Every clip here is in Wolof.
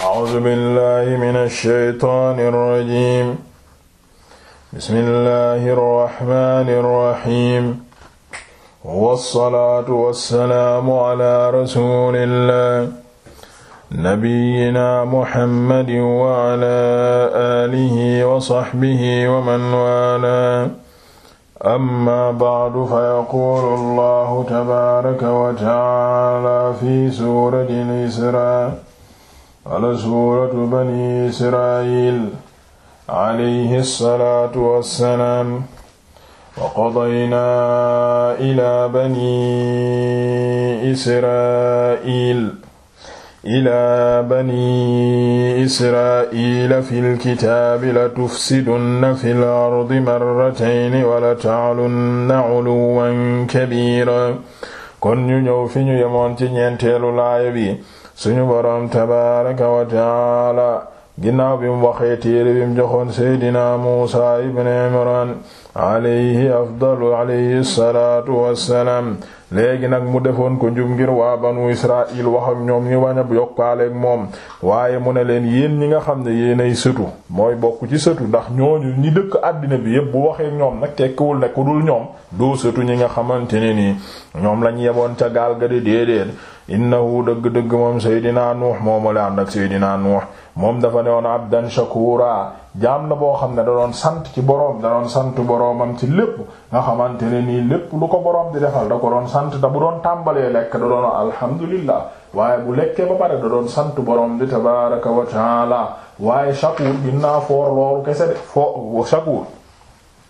A'uuzu billaahi mina shaytaani rajiim. Bismillaahi rahmaani rahiim. Wassalaatu wassalaamu alaa rasuulillaah. Nabiyyinaa Muhammadin wa alaa aalihi wa sahbihi wa man waalaah. Amma ba'du fayaquulu Allaahu tabaaraka wa ta'aalaa fi suuratil Israa. wala suuratu bani israil alayhi alsalaatu wassalaam wa qadaynaa ila bani israil ila bani israila fi lkitaabi latufsidunna fi lardi marratayni wala taclunna culuwan kabiira kon ñu ñëw fi ñu yemoon ci ñeenteelu laaya bi suñu boroom tabaaraka wa taala ginnaaw bi mu waxee téere bi mu joxoon seydina muusa ibn imran alayhi afdalu alayhi salaatu wassalaam léegi nag mu defoon ko njub ngir waa banu israil wax ñoom ñi wañ a yokkaaleeg moom waaye mu ne leen yéen ñi nga xam ne yéenay sëtu mooy bokk ci sëtu ndax ñooñu ñi dëkk àddina bi yépp bu waxee ñoom nag tekkiwul ne ku dul ñoom doo sëtu ñi nga xamante ne nii ñoom lañ yeboon ca gaal ga di déedéet innahu dëgg-dëgg moom Seydina Nuux moomu la ànd ak Seydina Nuux moom dafa newoon abdan shakura jaam na boo xam ne da doon sant ci boroom da doon sant am ci lépp nga xamante ne nii lépp lu ko boroom di defal ko doon sant te bu doon tàmbalee lekk da doon alhamdulillah waaye bu lekkee ba pare da doon sant boroom di tabaraka wa taala waaye shakur ginnaa foor loolu kese de foo shakur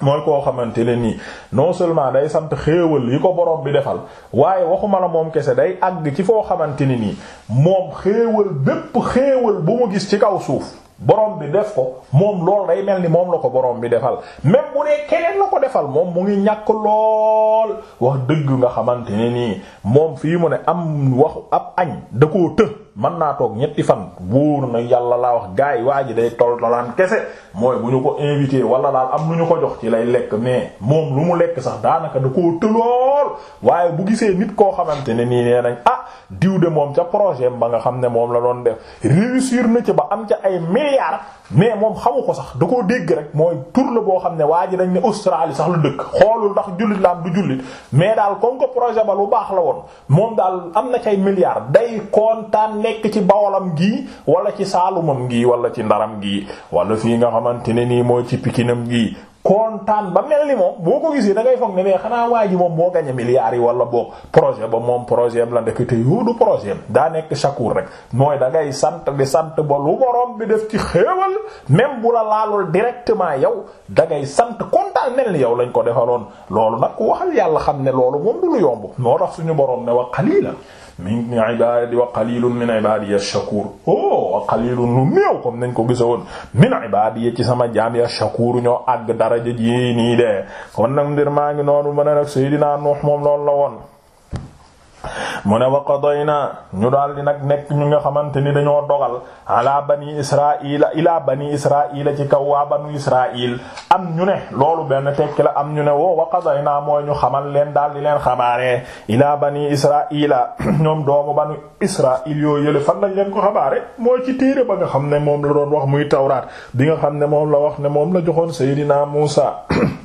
mooy koo xamante ne nii non seulement day sant xéewal yi ko borom bi defal waaye waxuma la moom kese day àgg ci foo xamante ne nii moom xéewal bépp xéewal bu mu gis ci kaw suuf borom bi def ko moom loolu day mel ni moom la ko borom bi defal même bu dee keneen la ko defal moom mu ngi ñàkk lool wax dëgg nga xamante ne nii moom fii mu ne am wax ab añ da koo të. mën naa toog ñetti fan wóor na yàlla laa wax gars yi waa ji day tol tolaan kese mooy bu ñu ko invité wala daal am ko jox ci lay lekk mais moom lu mu lekk sax daanaka da koo tëlool waaye bu gisee nit koo xamante ne nii nee nañ ah de moom ca projet ba nga xam ne moom la doon def réussir na ci ba am ca ay milliards mais moom xamu ko sax da koo dégg rek mooy tur la xam ne waa ji dañ ne Australie sax lu dëkk xoolul ndax jullit la du jullit mais daal comme projet ba lu baax la woon moom day kontaan nekk ci bawolam gii wala ci saalumam gii wala ci ndaram gii wala fii nga xamante ne nii mooy ci pikinam gii kontaan ba mel ni moom boo ko gisee da ngay foog ne mais xanaa waa ji moom moo gañe milliards yi wala boog projet ba moom projet la ndekete yoo du projet daa nekk chakur rek mooy da ngay sant di sant ba lu bi def ci xéewal même bu la laalul directement yow da ngay sant kontaan mel yow lañ ko defaloon loolu yàlla xam ne loolu moom du yomb moo tax suñu borom ne wa qalilan min ibaadi wa qalilun min ibaadiya shakuur oh wa qalilun lu néew comme nañ ko gisa woon min ibaadiya ci sama jaam ya shakuur ñoo àgg daraja ji nii de kon nag mbir maa ngi noonu mën a nag Seydina Nuux moom loolu la woon mu ne wa naa ñu daal di nag nekk ñu nga xamante ni dañoo dogal ala bani israila ila bani israila ci kaw waa banu israil am ñu ne loolu benn tekki la am ñu ne woo wa naa mooy ñu xamal leen daal di leen xabaare ila bani israila ñoom doomu banu israil yoo yële fan lañ leen ko xabaare mooy ci téere ba nga xam ne moom la doon wax muy tawraat bi nga xam ne moom la wax ne moom la joxoon sayidina Musa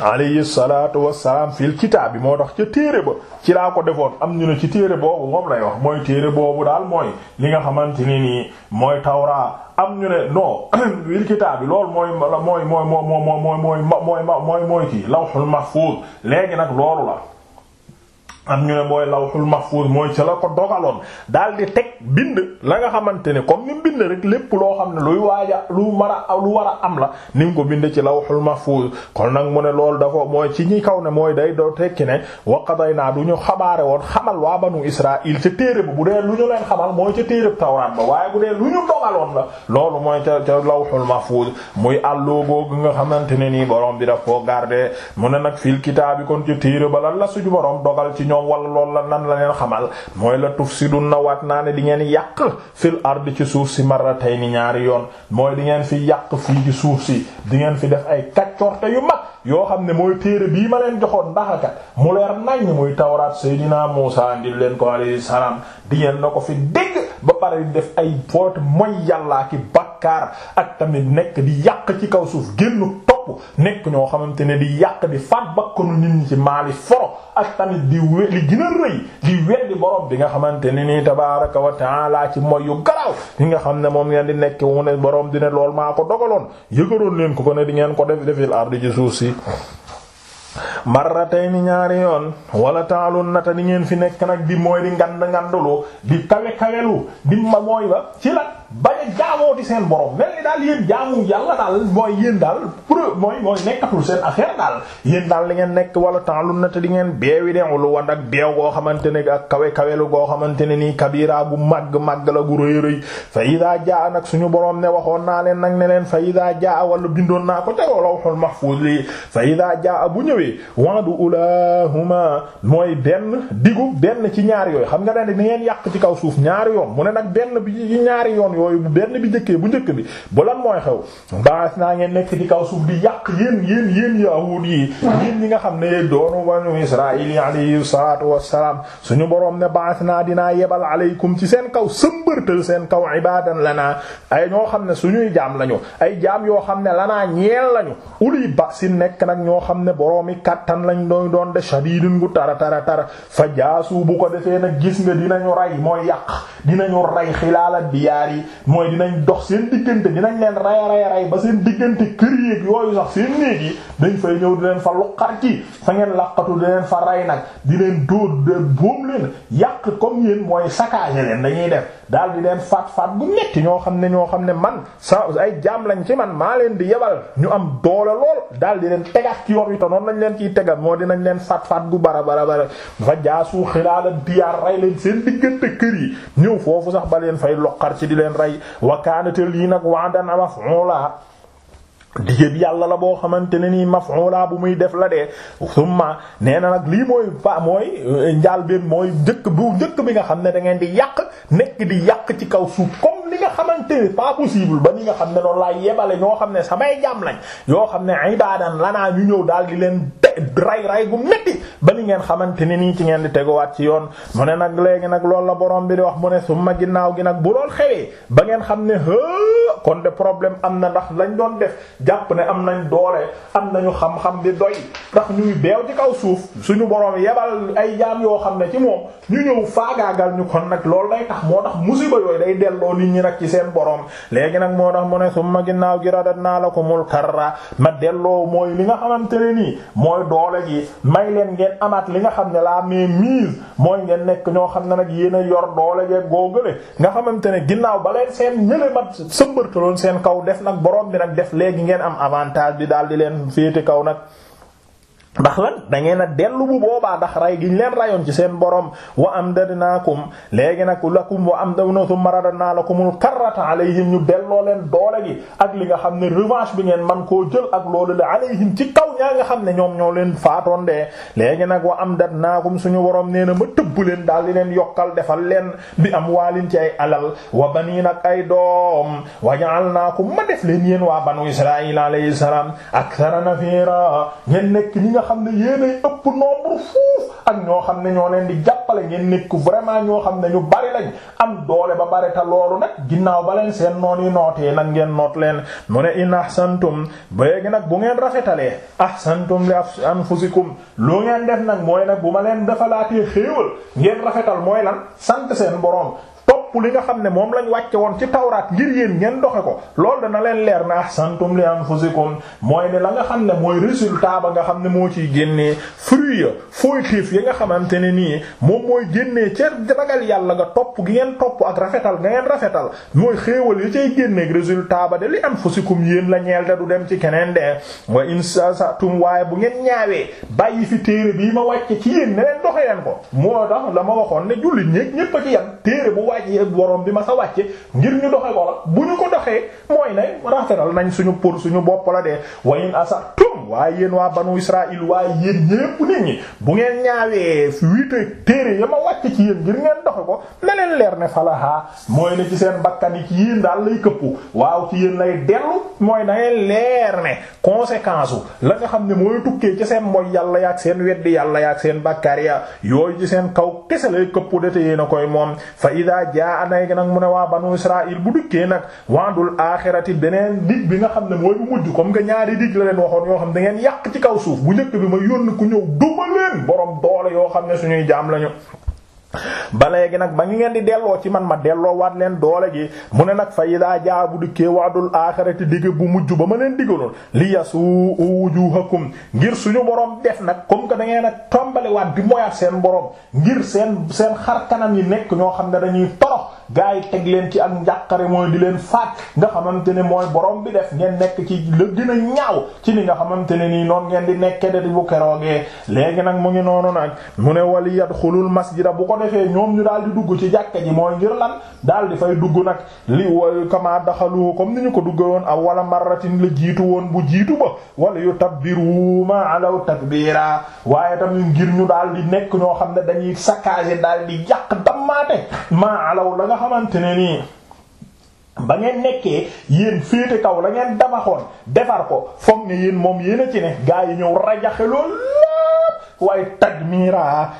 alayhi salaatu wa wassalaam fil kitaabi moo dox ca téere ba ci laa ko defoon am ñu ne ci téere boobu moom lay wax mooy téere boobu daal mooy li nga xamante ne nii mooy tawraa am ñu ne non fil kitaabi loolu mooy mooy mooy mooy mooy mooy mooy mooy mooy kii lawhul mahfuuz léegi nag loolu la. am ñu ne mooy lawhul mahfuz mooy ca la ko dogaloon daal di teg bind la nga xamante ne comme ni bind rek lépp loo xam ne luy waaja lu mara lu war am la ni mu ko bind ci lawhul mahfuz kon nag mu ne loolu dafa mooy ci ñi kaw ne mooy day doo tekki ne wa qadaynaa du ñu xabaare woon xamal waa banu israil ca téere bi bu dee lu ñu leen xamal mooy ca téere tawraat ba waaye bu dee lu ñu dogaloon la loolu mooy ca ca lawhul mahfuz muy àlloogoogu nga xamante ne nii borom bi daf koo garde mu ne nag fil kitaabi kon ca téere ba la suñu borom dogal ñoom wala loolu la nan la leen xamal mooy la si tufsiduna waat naa ne di ngeen yàq fil ard ci suuf si ni ñaari yoon mooy di ngeen fi yàq fii ci suuf si di ngeen fi def ay kaccorte yu mag yoo xam ne mooy téere bii ma leen joxoon ndaxakat mu leer nañ muy tawraat seydinaa Muusaa ndi leen ko alayhi salaam di ngeen na ko fi dégg ba pare def ay vote mooy yàllaa ki bakkaar ak tamit nekk di yàq ci kaw suuf génn yokku nekk ñoo xamante ne di yàq di faat bakkanu nit ñi ci maali foro ak tamit di wé li gën rëy di weddi borom bi nga xamante ne nii tabaaraka wa taala ci mooy yu garaaw li nga xam ne moom ngeen di nekk mu ne borom di ne lool maa ko dogaloon yëgaroon leen ko ko ne di ngeen ko def defil ardi ci suuf si. marratayni ñaari yoon wala taalun nata ni ngeen fi nekk nag di mooy di ngand ngandulu di kawe kawelu di ma mooy ba ci la. bañ a di seen borom mel ni daal yéen jaamu yàlla daal mooy yéen daal preuve mooy mooy nekkatul seen affaire daal yéen daal li ngeen nekk wala temps lu nate di ngeen beewi den lu wan ak beew goo xamante ne ak kawe kawelu goo xamante ne nii kabira bu màgg màgg la gu rëy rëy fa ida jaa nag suñu borom ne waxoon naa leen nag ne leen fa jaa wala bindoon naa ko ca lawhul mahfuz lii fa ida jaa bu ñëwee wa'du ulahuma mooy benn digu benn ci ñaari yooyu xam nga dañ ngeen yàq ci kaw suuf ñaari yoon yooyu bu benn bi njëkkee bu jëkk bi bu lan mooy xew baas naa ngeen nekk ci kaw suuf di yàq yéen yéen yéen yahuud yi yéen ñi nga xam ne yéen doonu banu Israayil yi alayhi salaatu wassalaam suñu boroom ne baas naa dinaa yebal aleykum ci seen kaw sëmbërtal seen kaw ibaadan lanaa ay ñoo xam ne suñuy jaam lañu ay jaam yoo xam ne lanaa ñeel lañu uli ba si nekk nag ñoo xam ne boroomi kattan lañ doon doon de shadiidun gu tara tara tara fa jaasu bu ko defee nag gis nga dinañu yi mooy dinañ dox seen diggante dinañ leen raya raya ray ba seen diggante kër yéeg yooyu sax seen néeg yi dañ ñëw di leen fa luqar ci fa ngeen laqatu di leen nag di leen dóor bóom leen yàq comme yéen mooy saccager leen dañuy def daal di leen faat faat bu ñoo xam ne ñoo xam ne man sa ay jaam lañ ci man maa leen di yebal ñu am doole daal di leen tegaat ci yoon wi te noonu lañ leen ciy tegal moo dinañ leen faat faat gu bara bara bara dafa jaasu xilaala diyaar ray leen kër yi ñëw foofu sax ba leen fay loqar ci di leen leen rey wa kaanatal lii nag wa'dan maf'uula digéb yàlla la boo xamante ne nii maf'ula bu muy def la de summa nee na nag lii mooy ba mooy euh, njaal bi mooy njëkk bu njëkk bi nga xam ne dangeen di yàq nekk di yàq ci kaw suuf comme li nga xamante ne pas possible ba ni nga xam ne noonu laa yebale ñoo xam ne samay jaam lañ yoo xam ne ibadan lanaa ñu ñëw daal di leen rey rey gu ba ni ngeen xamante ni nii ci ngeen di teguwaat ci yoon mu ne nag léegi nag loolu la borom bi di wax mu ne summa ginnaaw gi nag bu lool xewee ba ngeen xam ne kon de problème am na ndax lañ doon def jàpp ne am nañ doole am nañu xam-xam di doy ndax ñuy beew ci kaw suuf suñu borom yebal ay jaam yoo xam ne ci moom ñu ñëw faagaagal ñu kon nag loolu day tax moo tax musiba yooyu day delloo nit ñi nag ci seen borom léegi nag moo tax mu ne summa ginnaaw gi radatnaa lakumul karra ma delloo mooy li nga xamante ne nii mooy doole ji may leen ngeen amaat li nga xam ne laa la mainmise mooy ngeen nekk ñoo xam ne nag yéen a yor doole jeeg góogale nga xamante ne ginnaaw ba leen seen ñële mat féetaloon seen kaw def nag borom bi nag def léegi ngeen am avantage bi daal di leen féete kaw nag ndax lan da ngeen a dellu bu boobaa ndax ray giñ leen rayoon ci seen borom wa amdadnaakum léegi nag lakum wa amdadna thumma radadna lakumul karrata alayhim ñu delloo leen doole gi ak li nga xam ne revanche bi ngeen man koo jël ak loolu la alayhim ci kaw ñaa nga xam ne ñoom ñoo leen faatoon de léegi nag wa amdadnaakum suñu borom nee na ma tëbb leen daal di leen yokkal defal leen bi am waalin ci ay alal wa baniin ak ay doom wa ja'alnaakum ma def leen yéen waa banu israil alayhi salam akthara nafira ngeen nekk xam ne yéenay ëpp nombre fuuf ak ñoo xam ne ñoo leen di jàppale ngeen nit nekk vraiment ñoo xam ne ñu bari lañ am doole ba bari ta loolu nag ginnaaw ba leen seen noon yi nootee nag ngeen noot leen mu ne in ahsantum léegi nag bu ngeen rafetalee ahsantum li anfusikum loo ngeen def nag mooy nag bu ma leen defalaatee xéewal ngeen rafetal mooy lan sant seen boroom topp li nga xam ne moom lañ wàcce woon ci tawraat ngir yéen ngeen doxe ko loolu dana leen leer na ahsantum li anfusikum mooy ne la nga xam ne mooy résultat ba nga xam ne moo ciy génnee fruit ya fooytéef yi nga xamante ne nii moom mooy génnee ca ragal yàlla nga topp gi ngeen topp ak rafetal nga ngeen rafetal mooy xéewal yi cay génneeg résultat ba de li am anfusikum yéen la ñeel da du dem ci keneen de wa insatum waaye bu ngeen ñaawee bàyyi fi t bii ma ci yéen ne ko moo tax waxoon ne wàcce borom bi ma sa wàcce ngir ñu doxe ko la bu ñu ko doxee mooy ne rafetal nañ suñu pour suñu bopp la dee wayin asa tum waaye yéen waa banu Israël waaye yéen ñépp nit ñi bu ngeen ñaawee wiite téere ya ma wàcce ci yéen ngir ngeen doxe ko na leer ne falaha mooy ne ci seen bakkan yi daal lay këppu waaw yéen lay dellu mooy na leen leer ne la nga xam ne mooy tukkee ci seen mooy yàlla yaak seen weddi yàlla yaak seen bakkaar ya yooyu ci seen kaw kese lay këppu de te yéen a koy moom fa ida Seydina Anay nag mu ne waa banu Israël bu dikkee nag waa waadul aaxirati beneen dig bi nga xam ne mooy bu mujj comme que ñaari dig la leen waxoon yoo xam da ngeen yàq ci kaw suuf bu njëkk bi ma yónn ku ñëw duma leen borom doole yoo xam ne suñuy jaam lañu. ba léegi nag ba ngi ngeen di delloo ci man ma delloo waat leen doole gi mu ne nag fa idaa jaa bu dikkee waadul aaxirati digg bu mujj ba ma leen digaloon li yasu wujuhakum ngir suñu borom def nag comme que da ngeen a tombale waat di moyaat seen borom ngir seen seen xar kanam yi nekk ñoo xam ne dañuy torox gaa yi teg leen ci ak njàqare mooy di leen faat nga xamante ne mooy borom bi def ngeen nekk ci la gën a ñaaw ci ni nga xamante ne nii noonu ngeen di nekke de di bu keroogee mu ngi noonu nag mu ne defee ñoom ñu daal di dugg ci jàkka ji mooy ngir lan daal di fay dugg nag li wa kama daxalu comme ni ñu ko dugge woon aw wala marratin la jiitu woon bu jiitu ba wala yu tabbiru ma alaw takbiira waaye tamit ngir ñu daal di nekk ñoo xam ne dañuy saccager daal di yàq dammaate ma alaw la nga xamante ne nii ba ngeen nekkee yéen féete kaw la ngeen damaxoon defar ko foog ne yéen moom yéen ci ne gaa yi ñëw rajaxe loolu lépp waaye tadmiira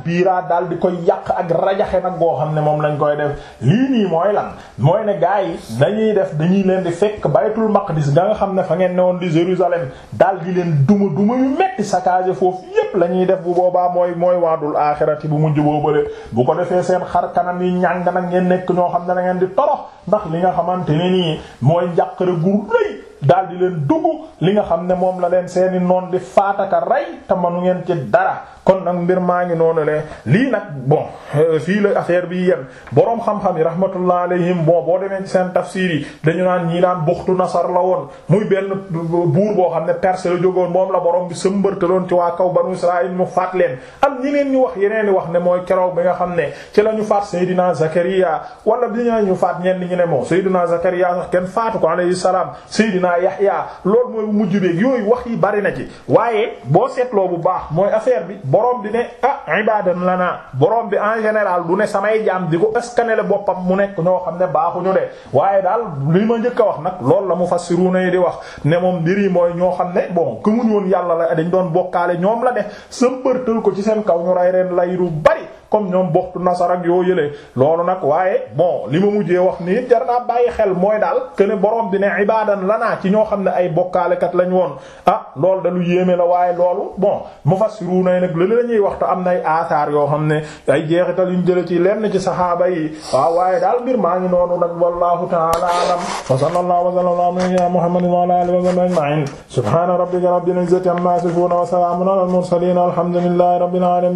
ak biiraa daal di koy yàq ak rajaxe nag goo xam ne moom lañ koy def lii nii mooy lan mooy ne gars yi dañuy def dañuy leen di fekk baytul maqdis nga nga xam ne fa ngeen newoon di Jérusalem daal di leen duma duma foofu la ñuy def bu boobaa mooy mooy waadul axirati bu mujj boobale bu ko defee seen xar kanam yi ñàng nag ngeen nekk ñoo xam ne da ngeen di torox ndax li nga xamante ne nii mooy gu daal di leen dugg li nga xam ne moom la leen seeni noon di faataka rey te manu ngeen ci dara kon nag mbir maa ngi noonu le lii nag bon euh, fii la affaire bi yem boroom xam-xam yi rahmatullah alayhim bon boo demee ci seen tafsir yi dañu naan ñii daan buxtu nasar la woon muy benn buur boo xam ne perce la jógoon moom la boroom bi sëmbërtaloon ci waa kaw banu israil mu faat leen am ñi leen ñu wax yeneen i wax ne mooy keroog bi nga xam ne ci la ñu faat Seydina Zakariya wala bi ñu faat ñenn ñu ne moom Seydina Zakariya sax kenn faatu ko alayhi salaam Seydina Yahya loolu mooy mujj beeg yooyu wax yi bari na ci waaye boo seetloo bu baax mooy affaire bi borom bi ne ah ibadan la borom bi en général du ne samay jaam di ko escanele boppam mu nekk ñoo xam ne baaxuñu de waaye daal li ma njëkk a wax nag loolu la mu mufassiruna yi di wax ne moom mbir yi mooy ñoo xam ne bon gëmuñu woon yàlla la dañ doon bokkaale ñoom la ne sëmbërtal ko ci seen kaw ñu rey ren lay lu bari comme ñoom boxtu nasar ak yoo yëlee loolu nag waaye bon li ma mujjee wax nii jar naa bàyyi xel mooy daal que ne borom bi ne ibadan la naa ci ñoo xam ne ay bokkaalekat lañ woon ah, lool da lu yéeme la waaye loolu bon mufassiruna yi nag lële la ñuy wax am nay asaar yoo xam ne ay jeexital yuñ jële ci lenn ci saxaaba yi waaw waaye daal mbir noonu nag wallahu ta'ala a'lam wa sallallahu wa sallama ala nabiyyina muhammadin wa ala alihi wa sahbihi ajma'in subhana rabbika rabbil izzati amma yasifun wa salamun ala al mursalin alhamdulillahi rabbil alamin